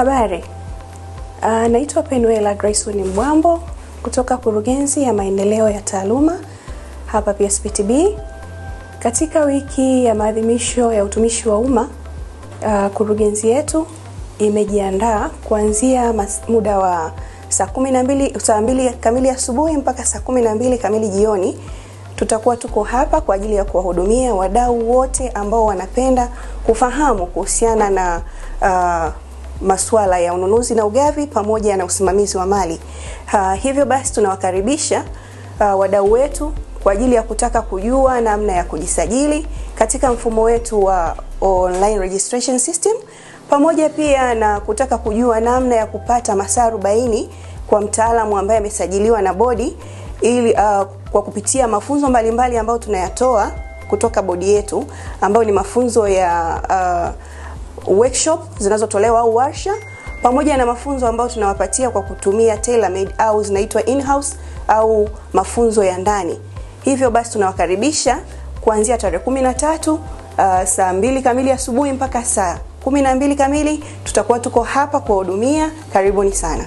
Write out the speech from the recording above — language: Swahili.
Habari. Uh, naitwa Penuela Grayson Mbwambo kutoka Kurugenzi ya Maendeleo ya Taaluma hapa PSPTB. Katika wiki ya maadhimisho ya utumishi wa umma, uh, kurugenzi yetu imejiandaa kuanzia muda wa saa 12 saa mbili kamili asubuhi mpaka saa 12 kamili jioni. Tutakuwa tuko hapa kwa ajili ya kuwahudumia wadau wote ambao wanapenda kufahamu kuhusiana na uh, masuala ya ununuzi na ugavi pamoja na usimamizi wa mali. Uh, hivyo basi tunawakaribisha uh, wadau wetu kwa ajili ya kutaka kujua namna ya kujisajili katika mfumo wetu wa online registration system pamoja pia na kutaka kujua namna ya kupata masaa arobaini kwa mtaalamu ambaye amesajiliwa na bodi ili uh, kwa kupitia mafunzo mbalimbali ambayo tunayatoa kutoka bodi yetu ambayo ni mafunzo ya uh, workshop zinazotolewa au warsha pamoja na mafunzo ambayo tunawapatia kwa kutumia tailor made au zinaitwa in-house au mafunzo ya ndani. Hivyo basi tunawakaribisha kuanzia tarehe 13 uh, saa mbili kamili asubuhi mpaka saa kumi na mbili kamili tutakuwa tuko hapa kuwahudumia. Karibuni sana.